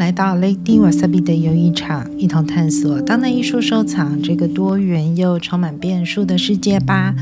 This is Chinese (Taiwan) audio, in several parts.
來到 Lady Wasabi 的遊藝場，一同探索當代藝術收藏這個多元又充滿變數的世界吧。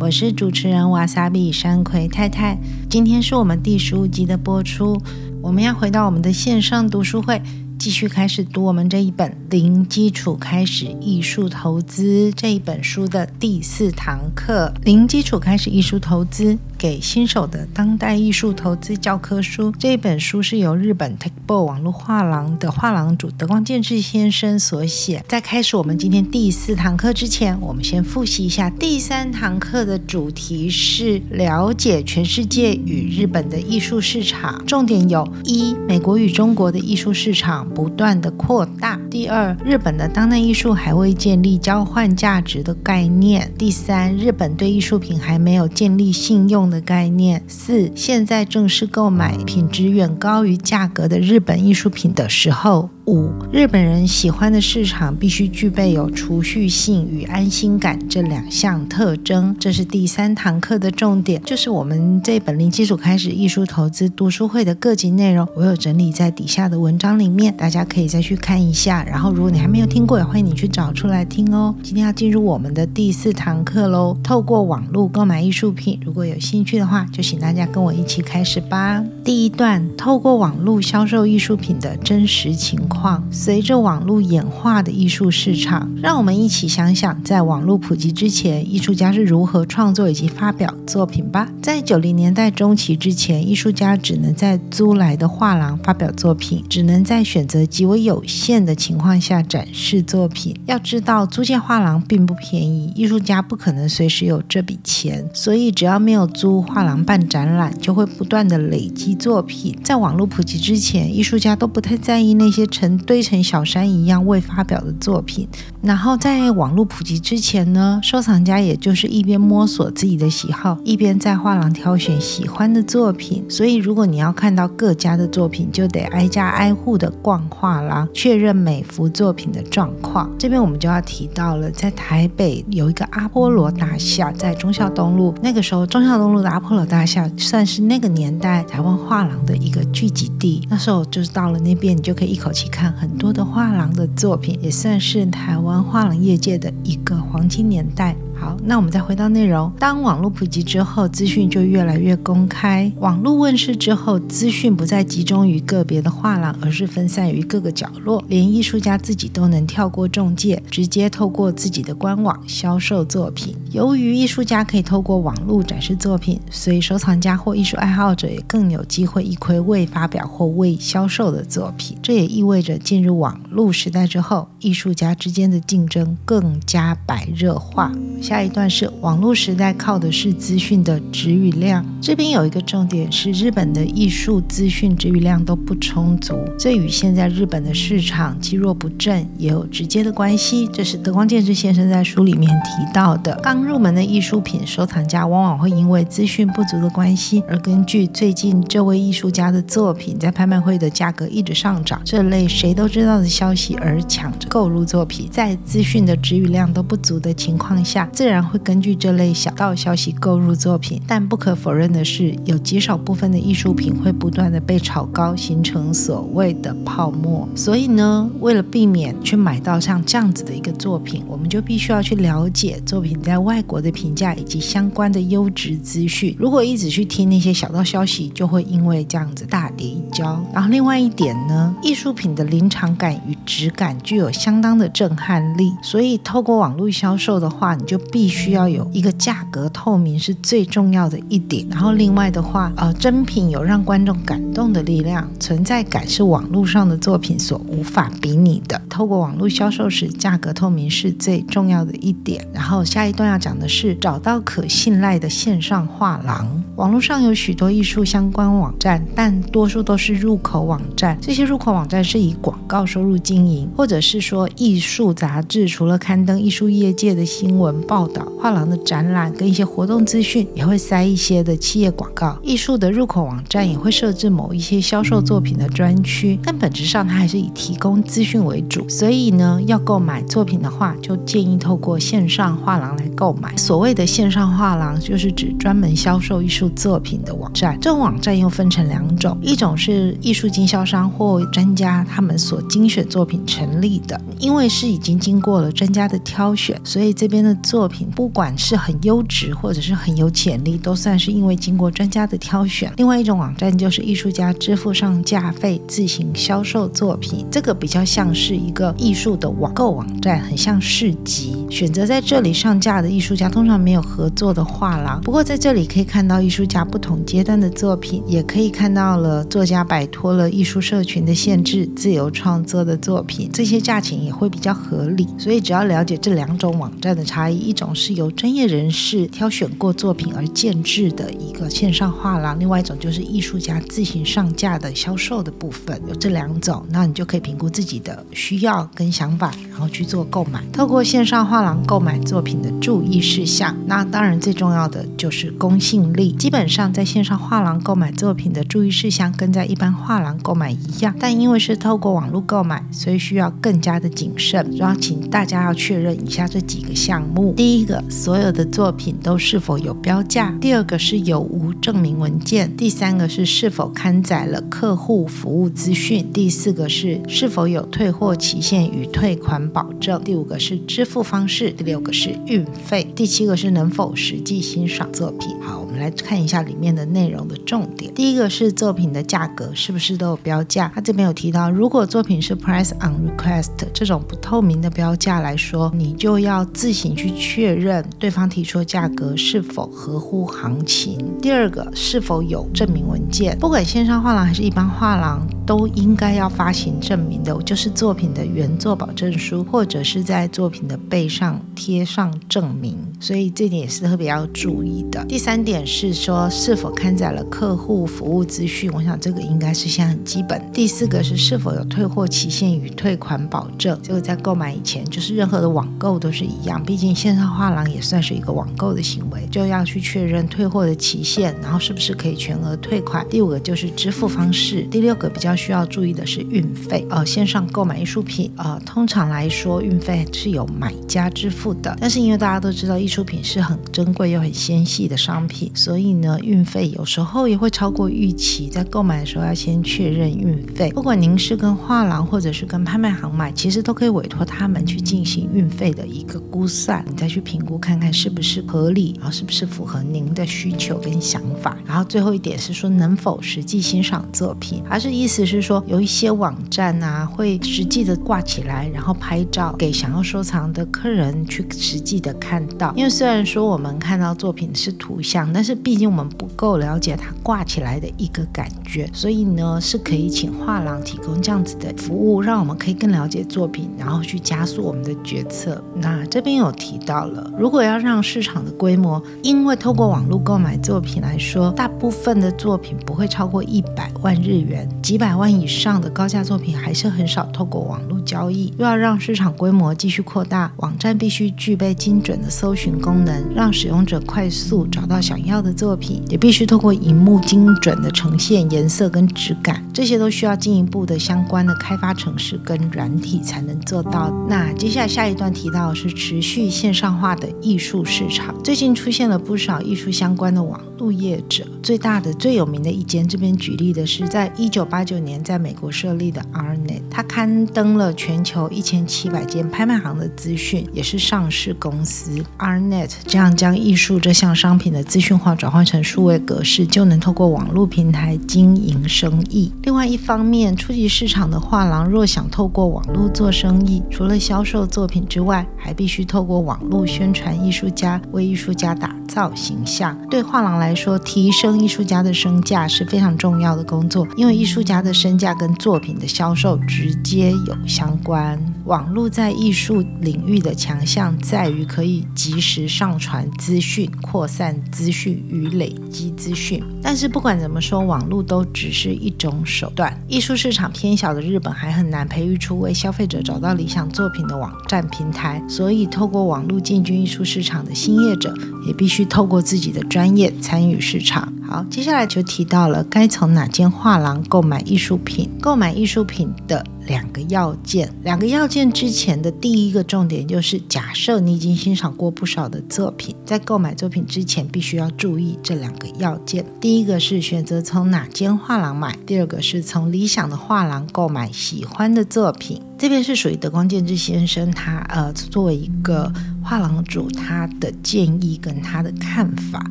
我是主持人 Wasabi 山葵太太，今天是我們第十五集的播出。我們要回到我們的線上讀書會，繼續開始讀我們這一本《零基礎開始藝術投資》這一本書的第四堂課《零基礎開始藝術投資》。給新手的當代藝術投資教科書，這本書是由日本 tagboat 網絡畫廊的畫廊主德光健治先生所寫。在開始我們今天第四堂課之前，我們先複習一下第三堂課的主題是了解全世界與日本的藝術市場。重點有：一、美國與中國的藝術市場不斷的擴大；第二，日本的當代藝術還未建立交換價值的概念；第三，日本對藝術品還沒有建立信用。的概念四，現在正是購買品質遠高於價格的日本藝術品的時候。五、日本人喜歡的市場必須具備有儲蓄性與安心感這兩項特徵，這是第三堂課的重點，就是我們這本零基礎開始藝術投資讀書會的各集內容，我有整理在底下的文章裡面，大家可以再去看一下。然後，如果你還沒有聽過，也歡迎你去找出來聽哦。今天要進入我們的第四堂課嘍，透過網絡購買藝術品，如果有興趣的話，就請大家跟我一起開始吧。第一段，透過網絡銷售藝術品的真實情況。隨着網絡演化的藝術市場，讓我們一起想想，在網絡普及之前，藝術家是如何創作以及發表作品吧。在九零年代中期之前，藝術家只能在租來的畫廊發表作品，只能在選擇極為有限的情況下展示作品。要知道，租借畫廊並不便宜，藝術家不可能隨時有這筆錢，所以只要沒有租畫廊辦展覽，就會不斷的累積作品。在網絡普及之前，藝術家都不太在意那些成堆成小山一樣未發表的作品，然後在網絡普及之前呢，收藏家也就是一邊摸索自己的喜好，一邊在畫廊挑選喜歡的作品。所以如果你要看到各家的作品，就得挨家挨戶的逛畫廊，確認每幅作品的狀況。這邊我們就要提到了，在台北有一個阿波羅大廈，在忠孝東路，那個時候忠孝東路的阿波羅大廈算是那個年代台灣畫廊的一個聚集地。那時候就是到了那邊，你就可以一口氣。看很多的畫廊的作品，也算是台灣畫廊業界的一個黃金年代。好，那我們再回到內容。當網絡普及之後，資訊就越來越公開。網絡問世之後，資訊不再集中於個別的畫廊，而是分散於各個角落。連藝術家自己都能跳過中介，直接透過自己的官網銷售作品。由於藝術家可以透過網絡展示作品，所以收藏家或藝術愛好者也更有機會一窺未發表或未銷售的作品。這也意味着進入網絡時代之後，藝術家之間的競爭更加白熱化。下一段是網絡時代靠的是資訊的質與量。這邊有一個重點是日本的藝術資訊質與量都不充足，這與現在日本的市場積弱不振也有直接的關係。這是德光健治先生在書裡面提到的。剛入門的藝術品收藏家往往會因為資訊不足的關係，而根據最近這位藝術家的作品在拍賣會的價格一直上漲，這類誰都知道的消息而搶着購入作品。在資訊的質與量都不足的情況下，自然會根據這類小道消息購入作品，但不可否認的是，有極少部分的藝術品會不斷的被炒高，形成所謂的泡沫。所以呢，為了避免去買到像這樣子的一個作品，我們就必須要去了解作品在外國的評價以及相關的優質資訊。如果一直去聽那些小道消息，就會因為這樣子大跌一跤。然後另外一點呢，藝術品的臨場感與質感具有相當的震撼力，所以透過網絡銷售的話，你就。必須要有一個價格透明是最重要的一點，然後另外的話，呃，真品有讓觀眾感動的力量，存在感是網絡上的作品所無法比擬的。透過網絡銷售時，價格透明是最重要的一點。然後下一段要講的是找到可信賴的線上畫廊。網絡上有許多藝術相關網站，但多數都是入口網站。這些入口網站是以廣告收入經營，或者是說藝術雜誌除了刊登藝術業界的新聞報。報道畫廊的展覽跟一些活動資訊，也會塞一些的企業廣告。藝術的入口網站也會設置某一些銷售作品的專區，但本質上它還是以提供資訊為主。所以呢，要購買作品的話，就建議透過線上畫廊來購買。所謂的線上畫廊，就是指專門銷售藝術作品的網站。這種網站又分成兩種，一種是藝術經銷商或專家他們所精選作品成立的，因為是已經經過了專家的挑選，所以這邊的作品。作品不管是很優質或者是很有潛力，都算是因為經過專家的挑選。另外一種網站就是藝術家支付上架費自行銷售作品，這個比較像是一個藝術的網購網站，很像市集。選擇在這裡上架的藝術家通常沒有合作的畫廊，不過在這裡可以看到藝術家不同階段的作品，也可以看到了作家擺脫了藝術社群的限制，自由創作的作品，這些價錢也會比較合理。所以只要了解這兩種網站的差異一。一種是由專業人士挑選過作品而建制的一個線上畫廊，另外一種就是藝術家自行上架的銷售的部分，有這兩種，那你就可以評估自己的需要跟想法，然後去做購買。透過線上畫廊購買作品的注意事項，那當然最重要的就是公信力。基本上，在線上畫廊購買作品的注意事項跟在一般畫廊購買一樣，但因為是透過網絡購買，所以需要更加的謹慎。然後，請大家要確認以下這幾個項目。第一個，所有的作品都是否有標價？第二個是有無證明文件？第三個是是否刊載了客戶服務資訊？第四個是是否有退貨期限與退款保證？第五個是支付方式？第六個是運費？第七個是能否實際欣賞作品？好。來看一下裡面的內容的重點，第一個是作品的價格是不是都有標價？它這邊有提到，如果作品是 Price on Request 這種不透明的標價來說，你就要自行去確認對方提出的價格是否合乎行情。第二個是否有證明文件？不管線上畫廊還是一般畫廊。都應該要發行證明的，就是作品的原作保證書，或者是在作品的背上貼上證明，所以這點也是特別要注意的。第三點是說是否刊載了客戶服務資訊，我想這個應該是在很基本。第四個是是否有退貨期限與退款保證，這個在購買以前就是任何的網購都是一樣，畢竟線上畫廊也算是一個網購的行為，就要去確認退貨的期限，然後是不是可以全額退款。第五個就是支付方式，第六個比較。需要注意的是運費，呃，線上購買藝術品，呃，通常來說運費是由買家支付的。但是因為大家都知道藝術品是很珍貴又很纖細的商品，所以呢，運費有時候也會超過預期。在購買的時候要先確認運費，不管您是跟畫廊或者是跟拍賣行買，其實都可以委託他們去進行運費的一個估算，你再去評估看看是不是合理，啊，是不是符合您的需求跟想法。然後最後一點是說能否實際欣賞作品，而是意思。就是說，有一些網站啊，會實際的掛起來，然後拍照給想要收藏的客人去實際的看到。因為雖然說我們看到作品是圖像，但是畢竟我們不夠了解它掛起來的一個感覺，所以呢，是可以請畫廊提供這樣子的服務，讓我們可以更了解作品，然後去加速我們的決策。那這邊有提到了，如果要讓市場的規模，因為透過網絡購買作品來說，大部分的作品不會超過一百萬日元，幾百萬，萬以上的高價作品還是很少透過網絡交易。若要讓市場規模繼續擴大，網站必須具備精準的搜尋功能，讓使用者快速找到想要的作品；也必須透過螢幕精準的呈現顏色跟質感，這些都需要進一步的相關的開發程式跟軟體才能做到。那接下來下一段提到是持續線上化的藝術市場，最近出現了不少藝術相關的網絡業者，最大的最有名的一間，這邊舉例的是在一九八九。年在美國設立的 Arnet，它刊登了全球一千七百間拍賣行的資訊，也是上市公司 Arnet。R -Net 這樣將藝術這項商品的資訊化轉換成數位格式，就能透過網絡平台經營生意。另外一方面，初級市場的畫廊若想透過網絡做生意，除了銷售作品之外，還必須透過網絡宣傳藝術家，為藝術家打造形象。對畫廊來說，提升藝術家的身價是非常重要的工作，因為藝術家的。身價跟作品的銷售直接有相關。網絡在藝術領域的強項在於可以及時上傳資訊、擴散資訊與累積資訊。但是不管怎麼說，網絡都只是一種手段。藝術市場偏小的日本還很難培育出為消費者找到理想作品的網站平台。所以，透過網絡進軍藝術市場的新業者也必須透過自己的專業參與市場。好，接下來就提到了該從哪間畫廊購買藝術品。購買藝術品的。兩個要件，兩個要件之前的第一個重點就是：假設你已經欣賞過不少的作品，在購買作品之前，必須要注意這兩個要件。第一個是選擇從哪間畫廊買；第二個是從理想的畫廊購買喜歡的作品。這邊是屬於德光健治先生他，他呃作為一個畫廊主，他的建議跟他的看法，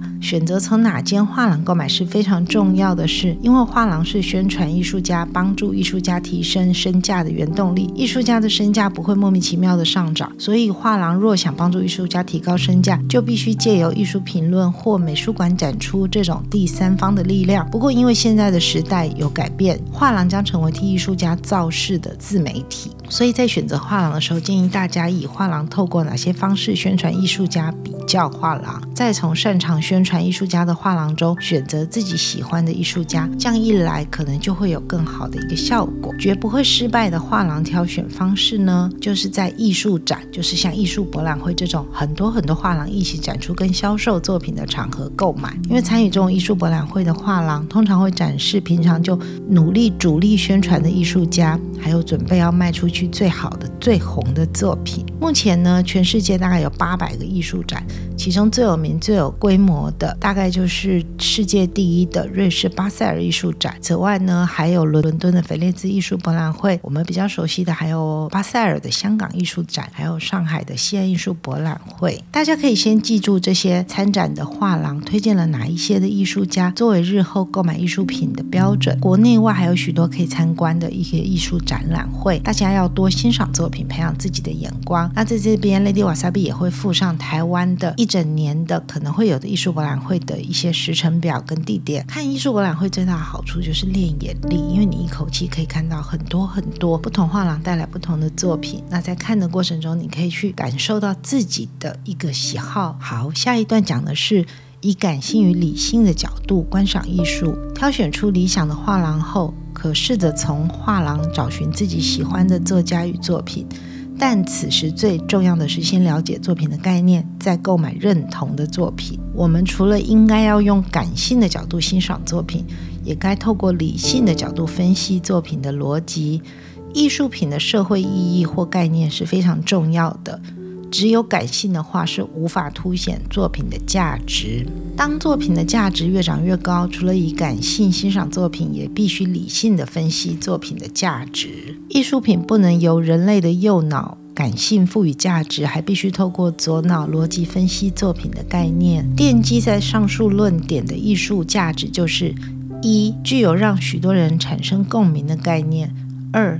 選擇從哪間畫廊購買是非常重要的事，因為畫廊是宣傳藝術家、幫助藝術家提升身價的原動力。藝術家的身價不會莫名其妙的上漲，所以畫廊若想幫助藝術家提高身價，就必須借由藝術評論或美術館展出這種第三方的力量。不過因為現在的時代有改變，畫廊將成為替藝術家造勢的自媒體。所以在選擇畫廊的時候，建議大家以畫廊透過哪些方式宣傳藝術家比較，畫廊再從擅長宣傳藝術家的畫廊中選擇自己喜歡的藝術家，這樣一來可能就會有更好的一個效果。絕不會失敗的畫廊挑選方式呢，就是在藝術展，就是像藝術博覽會這種很多很多畫廊一起展出跟銷售作品的場合購買。因為參與這種藝術博覽會的畫廊，通常會展示平常就努力主力宣傳的藝術家，還有準備要賣出去。去最好的、最紅的作品。目前呢，全世界大概有八百個藝術展。其中最有名、最有規模的，大概就是世界第一的瑞士巴塞爾藝術展。此外呢，還有倫敦的菲列茲藝術博覽會。我們比較熟悉的還有巴塞爾的香港藝術展，還有上海的西安藝術博覽會。大家可以先記住這些參展的畫廊推薦了哪一些的藝術家，作為日後購買藝術品的標準。國內外還有許多可以參觀的一些藝術展覽會，大家要多欣賞作品，培養自己的眼光。那在這邊，Lady Wasabi 也會附上台灣的。一整年的可能會有的藝術博覽會的一些時程表跟地點。看藝術博覽會最大的好處就是練眼力，因為你一口氣可以看到很多很多不同畫廊帶來不同的作品。那在看的過程中，你可以去感受到自己的一個喜好。好，下一段講的是以感性與理性的角度觀賞藝術。挑選出理想的畫廊後，可試着從畫廊找尋自己喜歡的作家與作品。但此時最重要的是先了解作品的概念，再購買認同的作品。我們除了應該要用感性的角度欣賞作品，也該透過理性的角度分析作品的邏輯。藝術品的社會意義或概念是非常重要的。只有感性的話是無法凸顯作品的價值。當作品的價值越漲越高，除了以感性欣賞作品，也必須理性地分析作品的價值。藝術品不能由人類的右腦感性賦予價值，還必須透過左腦邏輯分析作品的概念。奠基在上述論點的藝術價值就是：一、具有讓許多人產生共鳴的概念；二、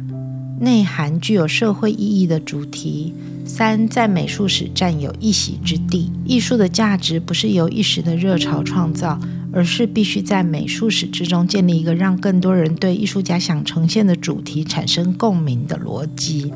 內涵具有社會意義的主題，三，在美術史占有一席之地。藝術的價值不是由一時的熱潮創造，而是必須在美術史之中建立一個讓更多人對藝術家想呈現的主題產生共鳴的邏輯。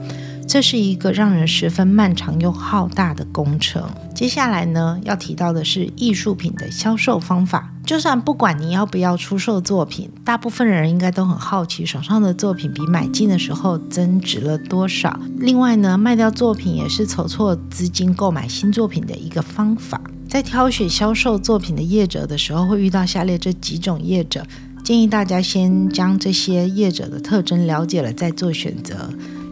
這是一個讓人十分漫長又浩大的工程。接下來呢，要提到的是藝術品的銷售方法。就算不管你要不要出售作品，大部分人應該都很好奇手上的作品比買進的時候增值了多少。另外呢，賣掉作品也是籌措資金購買新作品的一個方法。在挑選銷售作品的業者的時候，會遇到下列這幾種業者，建議大家先將這些業者的特徵了解了再做選擇。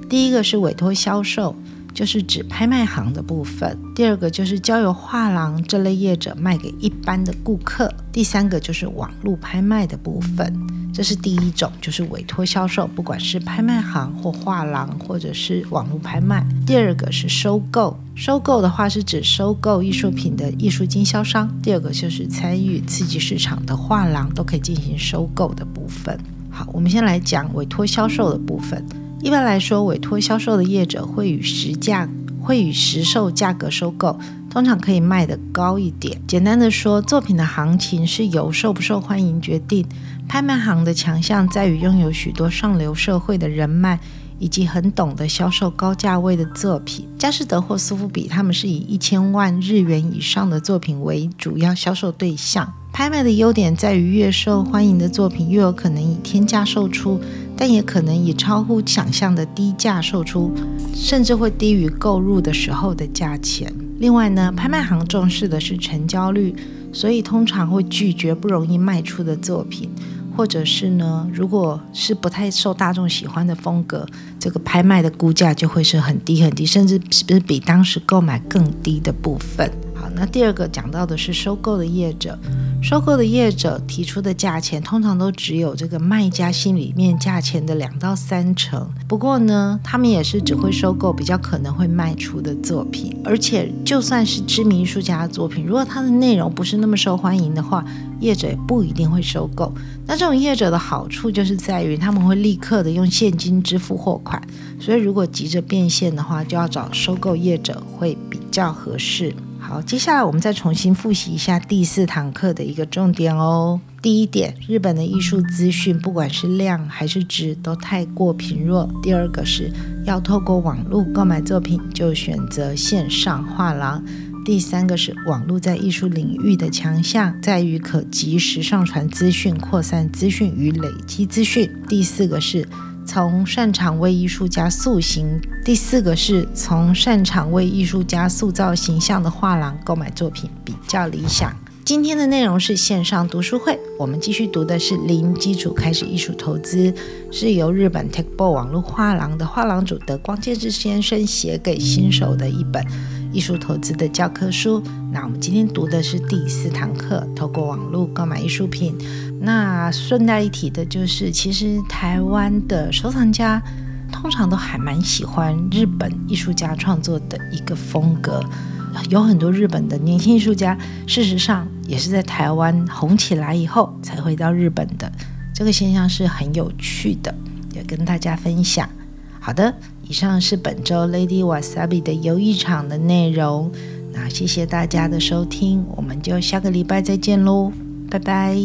第一個是委託銷售。就是指拍賣行的部分，第二個就是交由畫廊這類業者賣給一般的顧客，第三個就是網絡拍賣的部分。這是第一種，就是委託銷售，不管是拍賣行或畫廊，或者是網絡拍賣。第二個是收購，收購的話是指收購藝術品的藝術經銷商。第二個就是參與刺激市場的畫廊都可以進行收購的部分。好，我們先來講委託銷售的部分。一般來說，委托銷售的業者會以實價會以實售價格收購，通常可以賣得高一點。簡單的說，作品的行情是由受不受歡迎決定。拍賣行的強項在於擁有許多上流社會的人脈，以及很懂得銷售高價位的作品。佳士得或蘇富比，他們是以一千萬日元以上的作品為主要銷售對象。拍賣的優點在於，越受歡迎的作品，越有可能以天價售出。但也可能以超乎想象的低價售出，甚至會低於購入的時候的價錢。另外呢，拍賣行重視的是成交率，所以通常會拒絕不容易賣出的作品，或者是呢，如果是不太受大眾喜歡的風格，這個拍賣的估價就會是很低很低，甚至是比當時購買更低的部分。好，那第二個講到的是收購的業者。收購的業者提出的價錢通常都只有這個賣家心裡面價錢的兩到三成。不過呢，他們也是只會收購比較可能會賣出的作品，而且就算是知名藝術家的作品，如果它的內容不是那麼受歡迎的話，業者也不一定會收購。那這種業者的好處就是在於他們會立刻的用現金支付貨款，所以如果急着變現的話，就要找收購業者會比較合適。好，接下來我們再重新復習一下第四堂課的一個重點哦。第一點，日本的藝術資訊不管是量還是質都太過貧弱。第二個是要透過網絡購買作品，就選擇線上畫廊。第三個是網絡在藝術領域的強項在於可及時上傳資訊、擴散資訊與累積資訊。第四個是。從擅長為藝術家塑形，第四個是從擅長為藝術家塑造形象的畫廊購買作品比較理想。今天的內容是線上讀書會，我們繼續讀的是《零基礎開始藝術投資》，是由日本 t e c h b a l l 網絡畫廊的畫廊主德光介之先生寫給新手的一本藝術投資的教科書。那我們今天讀的是第四堂課，透過網絡購買藝術品。那順帶一提的就是，其實台灣的收藏家通常都還蠻喜歡日本藝術家創作的一個風格，有很多日本的年輕藝術家，事實上也是在台灣紅起來以後才回到日本的，這個現象是很有趣的，也跟大家分享。好的，以上是本週 Lady Wasabi 的遊藝場的內容，那謝謝大家的收聽，我們就下個禮拜再見嘍，拜拜。